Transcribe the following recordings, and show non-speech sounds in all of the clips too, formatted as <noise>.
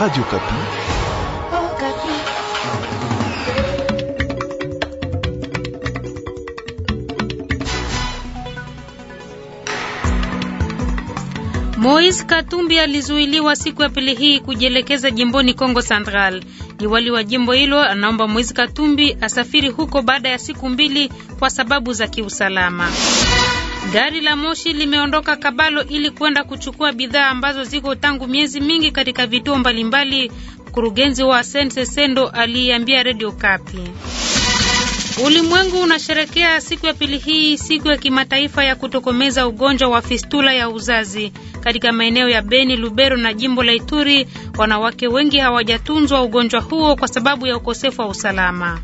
Radio Kapi. Oh, Kapi. Moise Katumbi alizuiliwa siku ya pili hii kujielekeza jimboni Kongo Central. Liwali wa jimbo hilo anaomba Moise Katumbi asafiri huko baada ya siku mbili kwa sababu za kiusalama. Gari la moshi limeondoka Kabalo ili kwenda kuchukua bidhaa ambazo ziko tangu miezi mingi katika vituo mbalimbali. Mkurugenzi wa Sense Sendo aliambia Radio Kapi. Ulimwengu unasherekea siku ya pili hii siku ya kimataifa ya kutokomeza ugonjwa wa fistula ya uzazi. Katika maeneo ya Beni, Lubero na jimbo la Ituri, wanawake wengi hawajatunzwa ugonjwa huo kwa sababu ya ukosefu wa usalama.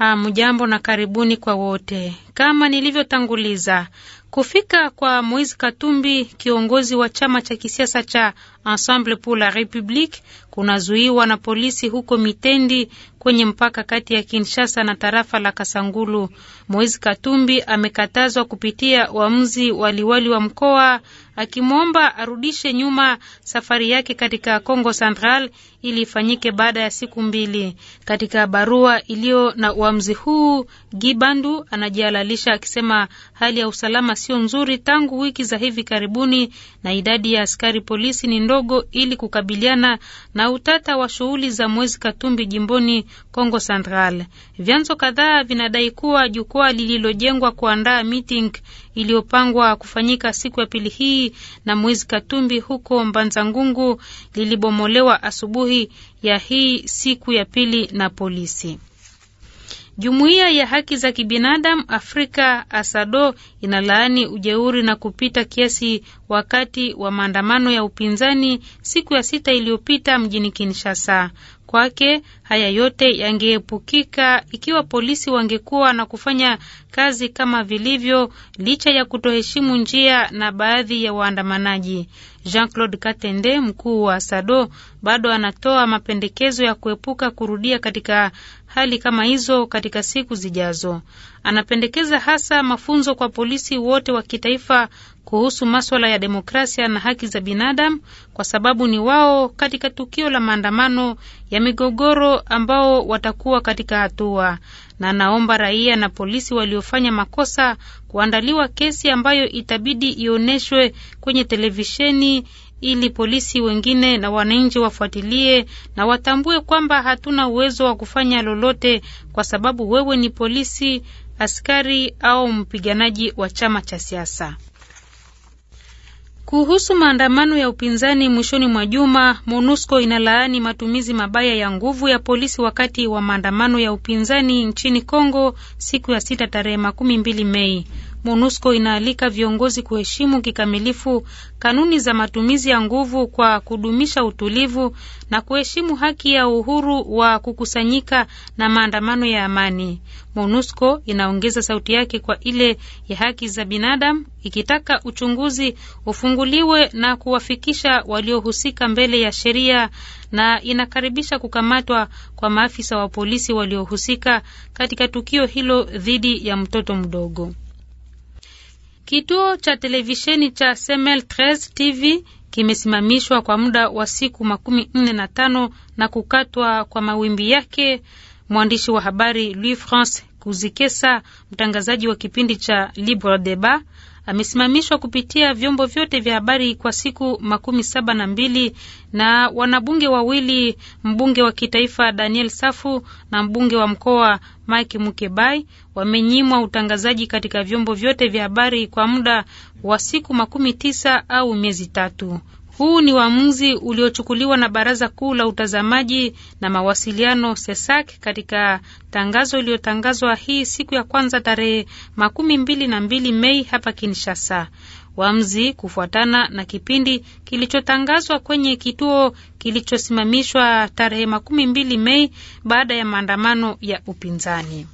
Hamjambo na karibuni kwa wote. Kama nilivyotanguliza, kufika kwa Moise Katumbi, kiongozi wa chama cha kisiasa cha Ensemble pour la République, kunazuiwa na polisi huko Mitendi kwenye mpaka kati ya Kinshasa na tarafa la Kasangulu. Moise Katumbi amekatazwa kupitia uamuzi wa liwali wa mkoa akimwomba arudishe nyuma safari yake katika Congo Central ili ifanyike baada ya siku mbili. Katika barua iliyo na uamuzi huu, Gibandu anajiala alijitambulisha akisema hali ya usalama sio nzuri tangu wiki za hivi karibuni na idadi ya askari polisi ni ndogo ili kukabiliana na utata wa shughuli za mwezi Katumbi jimboni congo Central. Vyanzo kadhaa vinadai kuwa jukwaa lililojengwa kuandaa meeting iliyopangwa kufanyika siku ya pili hii na mwezi Katumbi huko Mbanza Ngungu lilibomolewa asubuhi ya hii siku ya pili na polisi. Jumuiya ya haki za kibinadamu Afrika ASADO inalaani ujeuri na kupita kiasi wakati wa maandamano ya upinzani siku ya sita iliyopita mjini Kinshasa. Kwake haya yote yangeepukika ikiwa polisi wangekuwa na kufanya kazi kama vilivyo, licha ya kutoheshimu njia na baadhi ya waandamanaji. Jean-Claude Katende, mkuu wa SADO, bado anatoa mapendekezo ya kuepuka kurudia katika hali kama hizo katika siku zijazo. Anapendekeza hasa mafunzo kwa polisi wote wa kitaifa kuhusu maswala ya demokrasia na haki za binadamu, kwa sababu ni wao katika tukio la maandamano ya migogoro ambao watakuwa katika hatua na naomba raia na polisi waliofanya makosa kuandaliwa kesi ambayo itabidi ioneshwe kwenye televisheni ili polisi wengine na wananchi wafuatilie na watambue kwamba hatuna uwezo wa kufanya lolote kwa sababu wewe ni polisi, askari au mpiganaji wa chama cha siasa. Kuhusu maandamano ya upinzani mwishoni mwa juma, MONUSCO inalaani matumizi mabaya ya nguvu ya polisi wakati wa maandamano ya upinzani nchini Kongo siku ya sita tarehe makumi mbili Mei. MONUSCO inaalika viongozi kuheshimu kikamilifu kanuni za matumizi ya nguvu kwa kudumisha utulivu na kuheshimu haki ya uhuru wa kukusanyika na maandamano ya amani. MONUSCO inaongeza sauti yake kwa ile ya haki za binadamu ikitaka uchunguzi ufunguliwe na kuwafikisha waliohusika mbele ya sheria na inakaribisha kukamatwa kwa maafisa wa polisi waliohusika katika tukio hilo dhidi ya mtoto mdogo. Kituo cha televisheni cha Semel 13 TV kimesimamishwa kwa muda wa siku makumi nne na tano na kukatwa kwa mawimbi yake. Mwandishi wa habari Louis France Kuzikesa, mtangazaji wa kipindi cha Libre Debat amesimamishwa kupitia vyombo vyote vya habari kwa siku makumi saba na mbili na wanabunge wawili, mbunge wa kitaifa Daniel Safu na mbunge wa mkoa Mike Mukebai wamenyimwa utangazaji katika vyombo vyote vya habari kwa muda wa siku makumi tisa au miezi tatu. Huu ni uamuzi uliochukuliwa na Baraza Kuu la Utazamaji na Mawasiliano e SESAK katika tangazo iliyotangazwa hii siku ya kwanza tarehe makumi mbili na mbili Mei hapa Kinshasa. Uamuzi kufuatana na kipindi kilichotangazwa kwenye kituo kilichosimamishwa tarehe makumi mbili Mei baada ya maandamano ya upinzani.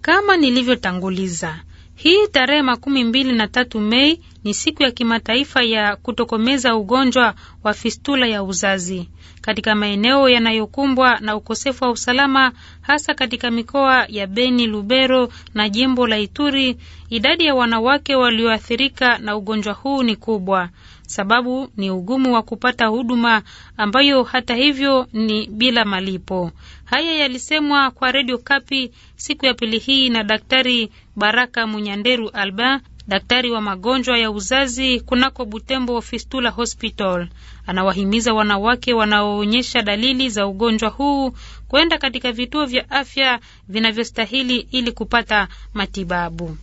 Kama nilivyotanguliza hii tarehe makumi mbili na tatu Mei ni siku ya kimataifa ya kutokomeza ugonjwa wa fistula ya uzazi katika maeneo yanayokumbwa na ukosefu wa usalama, hasa katika mikoa ya Beni, Lubero na jimbo la Ituri. Idadi ya wanawake walioathirika na ugonjwa huu ni kubwa sababu ni ugumu wa kupata huduma ambayo hata hivyo ni bila malipo. Haya yalisemwa kwa redio Kapi siku ya pili hii na Daktari Baraka Munyanderu Alba, daktari wa magonjwa ya uzazi kunako Butembo Fistula Hospital. Anawahimiza wanawake wanaoonyesha dalili za ugonjwa huu kwenda katika vituo vya afya vinavyostahili ili kupata matibabu.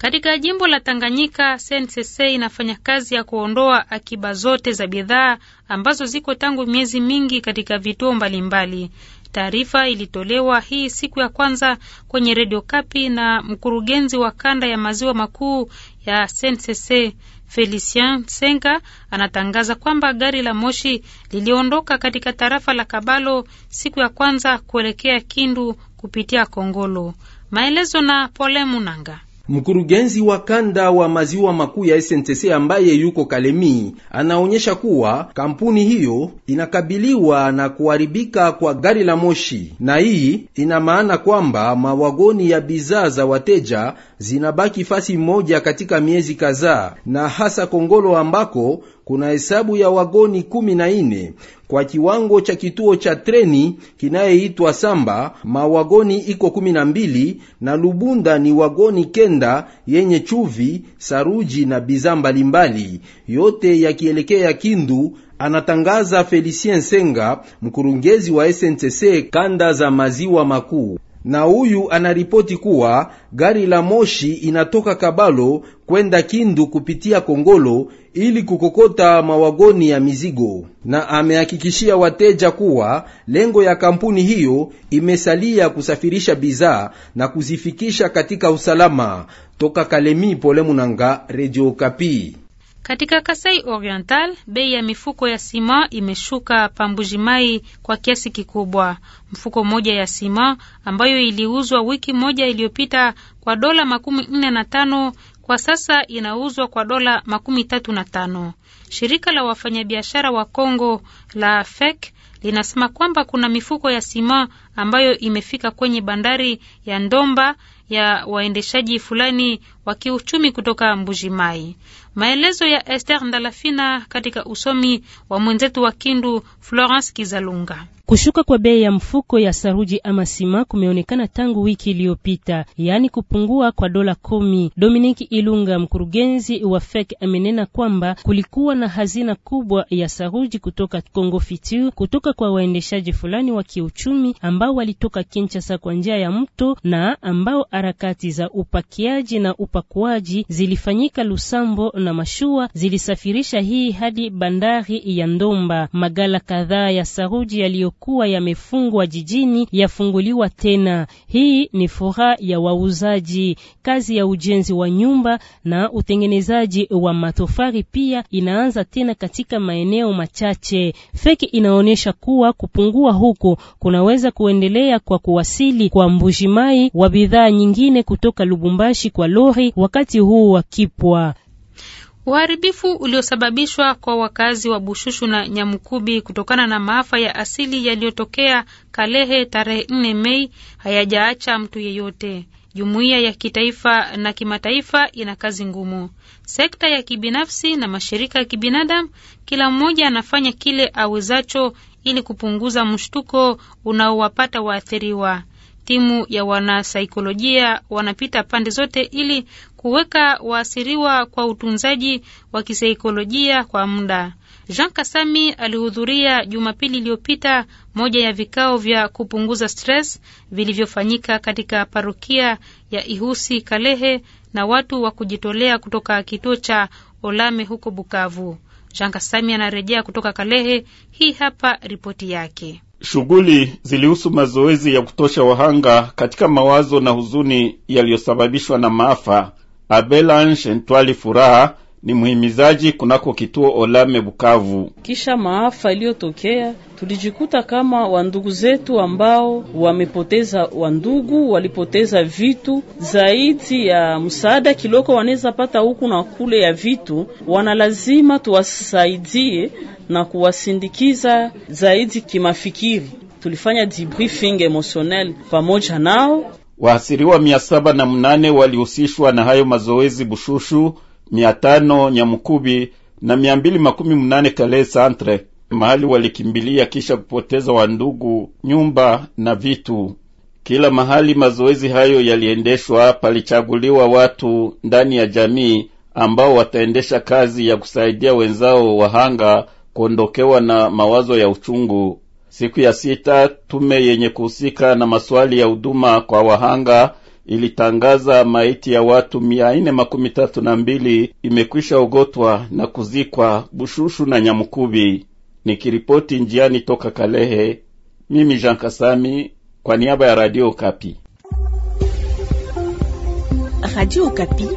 Katika jimbo la Tanganyika, SNCC inafanya kazi ya kuondoa akiba zote za bidhaa ambazo ziko tangu miezi mingi katika vituo mbalimbali. Taarifa ilitolewa hii siku ya kwanza kwenye redio Kapi na mkurugenzi wa kanda ya maziwa makuu ya SNCC Felicien Senga anatangaza kwamba gari la moshi liliondoka katika tarafa la Kabalo siku ya kwanza kuelekea Kindu kupitia Kongolo. Maelezo na Pole Munanga. Mkurugenzi wa kanda wa maziwa makuu ya SNTC ambaye yuko Kalemi anaonyesha kuwa kampuni hiyo inakabiliwa na kuharibika kwa gari la moshi, na hii ina maana kwamba mawagoni ya bidhaa za wateja zinabaki fasi moja katika miezi kadhaa, na hasa Kongolo ambako kuna hesabu ya wagoni 14 kwa kiwango cha kituo cha treni kinayeitwa Samba. Mawagoni iko 12 na na Lubunda ni wagoni kenda yenye chuvi, saruji na bidhaa mbalimbali, yote yakielekea Kindu. Anatangaza Felicien Senga, mkurugenzi wa SNCC kanda za maziwa makuu na huyu anaripoti kuwa gari la moshi inatoka Kabalo kwenda Kindu kupitia Kongolo ili kukokota mawagoni ya mizigo, na amehakikishia wateja kuwa lengo ya kampuni hiyo imesalia kusafirisha bidhaa na kuzifikisha katika usalama. Toka Kalemi, Pole Munanga, Radio Kapi. Katika Kasai Oriental, bei ya mifuko ya sima imeshuka Pambujimai kwa kiasi kikubwa. Mfuko moja ya sima ambayo iliuzwa wiki moja iliyopita kwa dola makumi nne na tano kwa sasa inauzwa kwa dola makumi tatu na tano. Shirika la wafanyabiashara wa congo la FEC linasema kwamba kuna mifuko ya sima ambayo imefika kwenye bandari ya Ndomba ya waendeshaji fulani wa kiuchumi kutoka Mbujimai. Maelezo ya Esther Ndalafina katika usomi wa mwenzetu wa Kindu Florence Kizalunga. Kushuka kwa bei ya mfuko ya saruji ama sima kumeonekana tangu wiki iliyopita, yaani kupungua kwa dola kumi. Dominiki Ilunga, mkurugenzi wa FEC, amenena kwamba kulikuwa na hazina kubwa ya saruji kutoka Congo Fitiu, kutoka kwa waendeshaji fulani wa kiuchumi ambao walitoka Kinshasa kwa njia ya mto na ambao harakati za upakiaji na upakuaji zilifanyika Lusambo na mashua zilisafirisha hii hadi bandari ya Ndomba. Magala kadhaa ya saruji yaliyokuwa yamefungwa jijini yafunguliwa tena. Hii ni furaha ya wauzaji. Kazi ya ujenzi wa nyumba na utengenezaji wa matofari pia inaanza tena katika maeneo machache. Feki inaonyesha kuwa kupungua huko kunaweza kuendelea kwa kuwasili kwa Mbujimai wa bidhaa nyingine kutoka Lubumbashi kwa lori wakati huu wa kipwa. Uharibifu uliosababishwa kwa wakazi wa Bushushu na Nyamukubi kutokana na maafa ya asili yaliyotokea Kalehe tarehe 4 Mei hayajaacha mtu yeyote. Jumuiya ya kitaifa na kimataifa ina kazi ngumu. Sekta ya kibinafsi na mashirika ya kibinadamu, kila mmoja anafanya kile awezacho ili kupunguza mshtuko unaowapata waathiriwa. Timu ya wanasaikolojia wanapita pande zote ili kuweka waasiriwa kwa utunzaji wa kisaikolojia kwa muda. Jean Kasami alihudhuria Jumapili iliyopita moja ya vikao vya kupunguza stress vilivyofanyika katika parokia ya Ihusi Kalehe na watu wa kujitolea kutoka kituo cha Olame huko Bukavu. Jean Kasami anarejea kutoka Kalehe. Hii hapa ripoti yake. Shughuli zilihusu mazoezi ya kutosha wahanga katika mawazo na huzuni yaliyosababishwa na maafa Abelange Ntwali Furaha ni mhimizaji kunako kituo Olame Bukavu. Kisha maafa iliyotokea, tulijikuta kama wandugu zetu ambao wamepoteza wandugu, walipoteza vitu zaidi ya msaada kiloko wanaweza pata huku na kule ya vitu, wanalazima tuwasaidie na kuwasindikiza zaidi kimafikiri. Tulifanya debriefing emotionel pamoja nao Waasiriwa mia saba na mnane walihusishwa na hayo mazoezi Bushushu, mia tano Nyamukubi na mia mbili makumi mnane Kale Santre, mahali walikimbilia kisha kupoteza wandugu, nyumba na vitu. Kila mahali mazoezi hayo yaliendeshwa, palichaguliwa watu ndani ya jamii ambao wataendesha kazi ya kusaidia wenzao wahanga kuondokewa na mawazo ya uchungu. Siku ya sita tume yenye kuhusika na maswali ya huduma kwa wahanga ilitangaza maiti ya watu mia ine makumi tatu na mbili imekwisha ogotwa na kuzikwa Bushushu na Nyamukubi. Nikiripoti njiani toka Kalehe, mimi Jean Kasami kwa niaba ya Radio Kapi. Radio Kapi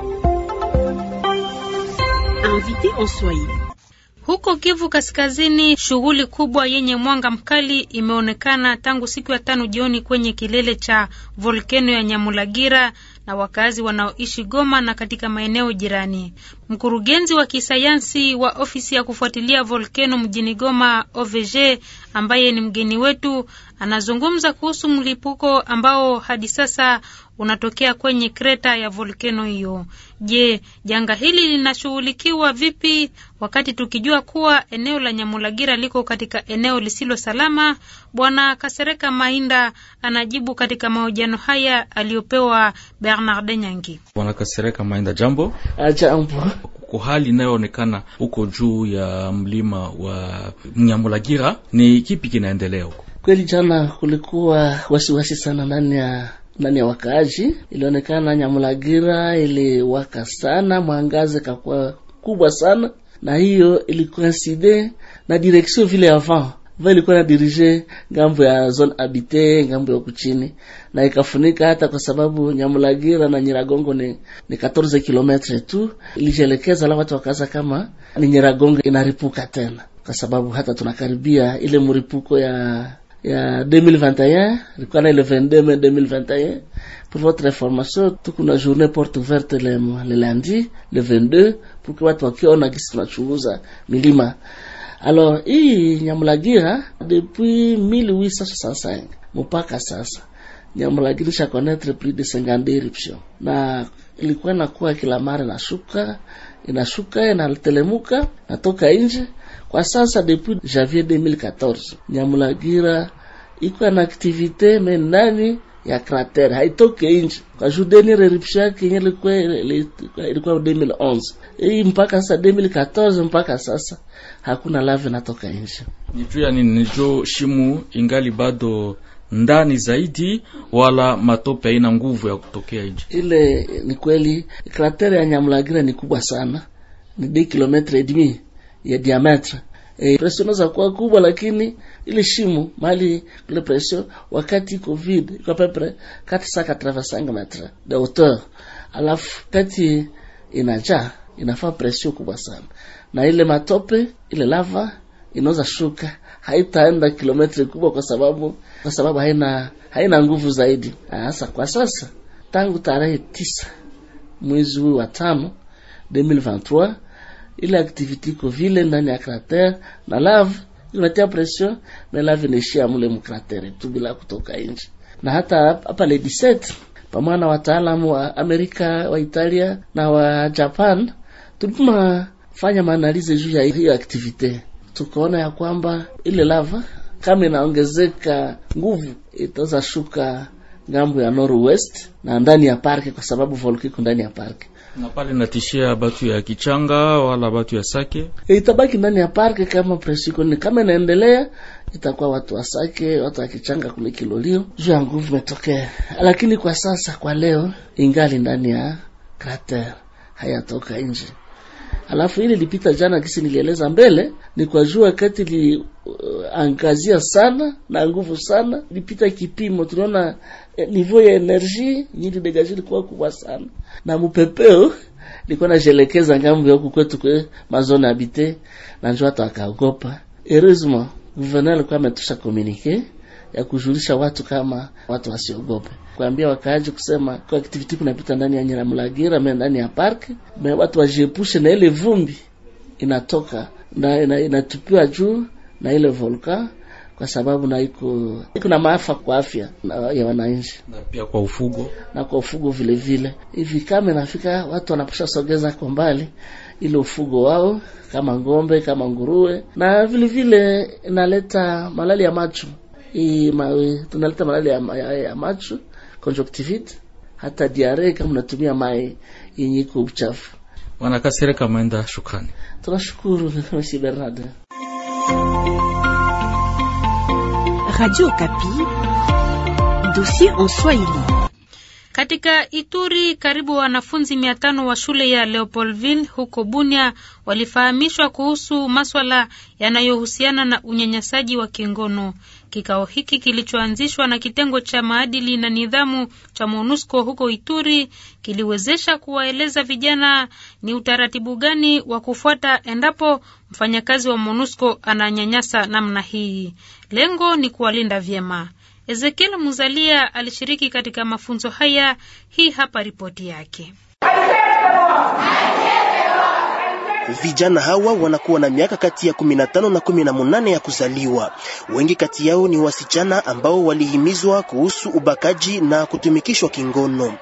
invité en Swahili huko Kivu Kaskazini, shughuli kubwa yenye mwanga mkali imeonekana tangu siku ya tano jioni kwenye kilele cha volkeno ya Nyamulagira na wakazi wanaoishi Goma na katika maeneo jirani. Mkurugenzi wa kisayansi wa ofisi ya kufuatilia volkeno mjini Goma, OVG, ambaye ni mgeni wetu, anazungumza kuhusu mlipuko ambao hadi sasa unatokea kwenye kreta ya volkeno hiyo. Je, janga hili linashughulikiwa vipi, wakati tukijua kuwa eneo la Nyamulagira liko katika eneo lisilo salama? Bwana Kasereka Mainda anajibu katika mahojiano haya aliyopewa Bernard Nyangi. Bwana Kasereka Mainda, jambo. Ah, jambo. Hali inayoonekana huko juu ya mlima wa Nyamulagira ni kipi kinaendelea huko? Kweli jana kulikuwa wasiwasi wasi sana ndani ya ndani ya wakaaji. Ilionekana Nyamulagira iliwaka sana, mwangaze kakuwa kubwa sana, na hiyo ilikoinside na direction vile avant va ilikuwa na dirige ngambo ya zone habite ngambo ya kuchini, na ikafunika hata kwa sababu Nyamulagira na Nyiragongo ni, ni 14 km tu, ilijelekeza la watu wakaza kama ni Nyiragongo inaripuka tena, kwa sababu hata tunakaribia ile mripuko ya il y a 2021, je connais le 22 mai 2021. Pour votre information, toute une journée porte ouverte le, le lundi, le 22, pour que watu wakiona kisi à milima. Alors, hii Nyamulagira, hein, depuis 1865, mpaka sasa, Nyamulagira isha connaître plus de 50 eruptions. Na ilikuwa inakuwa a mara na shuka, inashuka inatelemuka natoka nje. Kwa sasa depuis janvier 2014 Nyamulagira iko na activite me ndani ya krater haitoke nje. Kwa judeni eruption yake yenye ilikuwa 2011 ii mpaka sasa 2014 mpaka sasa hakuna lava natoka nje. Ni juu ya nini? Ni shimu ingali bado ndani zaidi, wala matope haina nguvu ya kutokea nje. Ile ni kweli, krateri ya Nyamulagira ni kubwa sana, ni de kilometre et demi ya diametre. E, presio inaweza kuwa kubwa, lakini ile shimo mahali kule presio wakati covid iko apepre 485 metre de hauteur, alafu kati inajaa inafaa presio kubwa sana, na ile matope ile lava inaweza shuka, haitaenda kilometri kubwa, kwa sababu kwa sababu haina haina nguvu zaidi. Hasa kwa sasa tangu tarehe tisa mwezi huu wa tano 2023 ile activity iko vile ndani ya krater na lave inatia pression na lave inaishia mule mkrater tu bila kutoka nje, na hata hapa le 17 pamoja na wataalamu wa Amerika wa Italia na wa Japan tulipuma fanya maanalize juu ya hiyo activite tukaona ya kwamba ile lava kama inaongezeka nguvu itaweza shuka ngambo ya northwest na ndani ya parke, kwa sababu volkiko ndani ya parke na pale natishia batu ya Kichanga wala batu ya Sake eh, itabaki ndani ya parke. Kama presiko ni kama inaendelea, itakuwa watu wa Sake, watu wa Kichanga kule kilolio juu ya nguvu imetokea. Lakini kwa sasa, kwa leo, ingali ndani ya krater, hayatoka nje. Alafu ile ilipita jana, kisi nilieleza mbele, ni kwa jua kati li uh, angazia sana na nguvu sana, ilipita kipimo. Tunaona eh, nivo ya enerji nyili degaji likuwa kubwa sana, na mupepeo likuwa na jelekeza ngambo ya huku kwetu kwe mazone habite, na njua hata wakaogopa Heureusement, gouverneur alikuwa ametusha communique ya kujulisha watu kama watu wasiogope kuambia wakaaji kusema kwa kitikiti kunapita ndani ya Nyiramulagira me ndani ya park me watu wajiepushe na ile vumbi inatoka na ina, inatupiwa juu na ile volka kwa sababu na iko kuna maafa kwa afya na, ya wananchi na pia kwa ufugo na kwa ufugo vile vile. Hivi kama inafika watu wanaposha sogeza kwa mbali ile ufugo wao kama ng'ombe kama nguruwe, na vile vile inaleta malali ya macho hii mawe tunaleta malali ya, ya, ya macho conjunctivite, hata diare kama unatumia mai yenye iko uchafu. Bwana Kasereka Mwenda, shukrani. Tunashukuru <laughs> Mesi Bernard. Radio Kapi, dossier en Swahili. Katika Ituri karibu wanafunzi mia tano wa shule ya Leopoldville huko Bunia walifahamishwa kuhusu maswala yanayohusiana na unyanyasaji wa kingono. Kikao hiki kilichoanzishwa na kitengo cha maadili na nidhamu cha MONUSCO huko Ituri kiliwezesha kuwaeleza vijana ni utaratibu gani wa kufuata endapo mfanyakazi wa MONUSCO ananyanyasa namna hii. Lengo ni kuwalinda vyema. Ezekiel Muzalia alishiriki katika mafunzo haya. Hii hapa ripoti yake. Vijana hawa wanakuwa na miaka kati ya 15 na 18 ya kuzaliwa. Wengi kati yao ni wasichana ambao walihimizwa kuhusu ubakaji na kutumikishwa kingono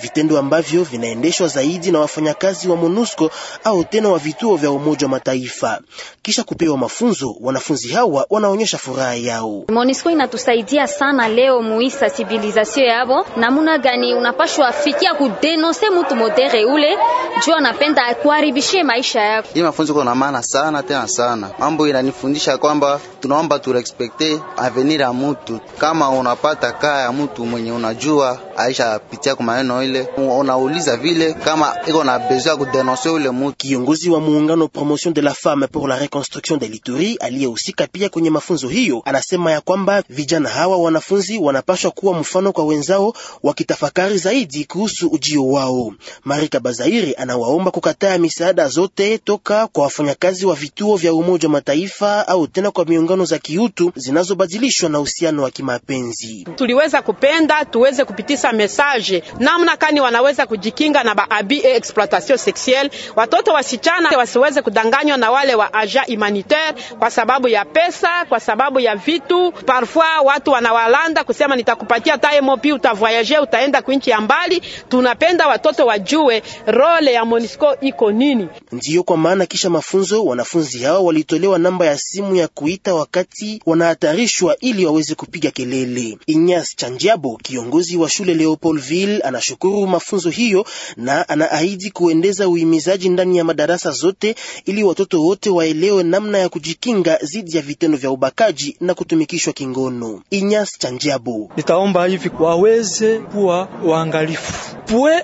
vitendo ambavyo vinaendeshwa zaidi na wafanyakazi wa MONUSCO au tena wa vituo vya Umoja wa Mataifa. Kisha kupewa mafunzo, wanafunzi hawa wanaonyesha furaha yao. MONUSCO inatusaidia sana leo muisa sivilizasio yavo, namuna gani unapashwa fikia kudenose mutu modere ule juu anapenda kuharibishie maisha yako. Hii mafunzo kuna maana sana tena sana, mambo inanifundisha kwamba tunaomba turespekte avenir ya mutu, kama unapata kaa ya mutu mwenye unajua aisha pitia kwa maneno ile, unauliza vile kama iko na besoin kudenonse ule mtu. Kiongozi wa muungano Promotion de la Femme pour la Reconstruction de l'Ituri aliyehusika pia kwenye mafunzo hiyo anasema ya kwamba vijana hawa wanafunzi wanapaswa kuwa mfano kwa wenzao, wakitafakari zaidi kuhusu ujio wao. Marika Bazairi anawaomba kukataa misaada zote toka kwa wafanyakazi wa vituo vya Umoja wa Mataifa au tena kwa miungano za kiutu zinazobadilishwa na uhusiano wa kimapenzi. Tuliweza kupenda tuweze kupitisha mesaje namna kani wanaweza kujikinga na baabi e exploitation sexuelle, watoto wasichana wasiweze kudanganywa na wale wa agent humanitaire kwa sababu ya pesa, kwa sababu ya vitu. Parfois watu wanawalanda kusema nitakupatia taemopi, utavoyage utaenda kuinchi ya mbali. Tunapenda watoto wajue role ya Monisco iko nini. Ndiyo kwa maana kisha mafunzo wanafunzi hao walitolewa namba ya simu ya kuita wakati wanahatarishwa, ili waweze kupiga kelele. Inyas Chanjabo, kiongozi wa shule Leopoldville, anashukuru anashukuru mafunzo hiyo na anaahidi kuendeza uhimizaji ndani ya madarasa zote ili watoto wote waelewe namna ya kujikinga dhidi ya vitendo vya ubakaji na kutumikishwa kingono. Inyas Chanjabu: nitaomba hivi waweze kuwa waangalifu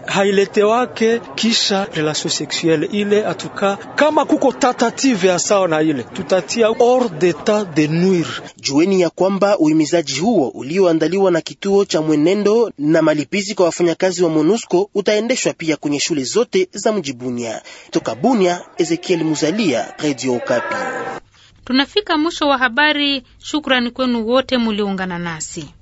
hailete wake kisha relation sexuelle ile. Atuka kama kuko tatative ya sawa na ile, tutatia hors d'etat de nuire. Jueni ya kwamba uhimizaji huo ulioandaliwa na kituo cha mwenendo na malipizi kwa wafanyakazi wa MONUSCO utaendeshwa pia kwenye shule zote za mji Bunia. Toka Bunia, Ezekiel Muzalia, Radio Okapi. Tunafika mwisho wa habari. Shukrani kwenu wote muliungana nasi.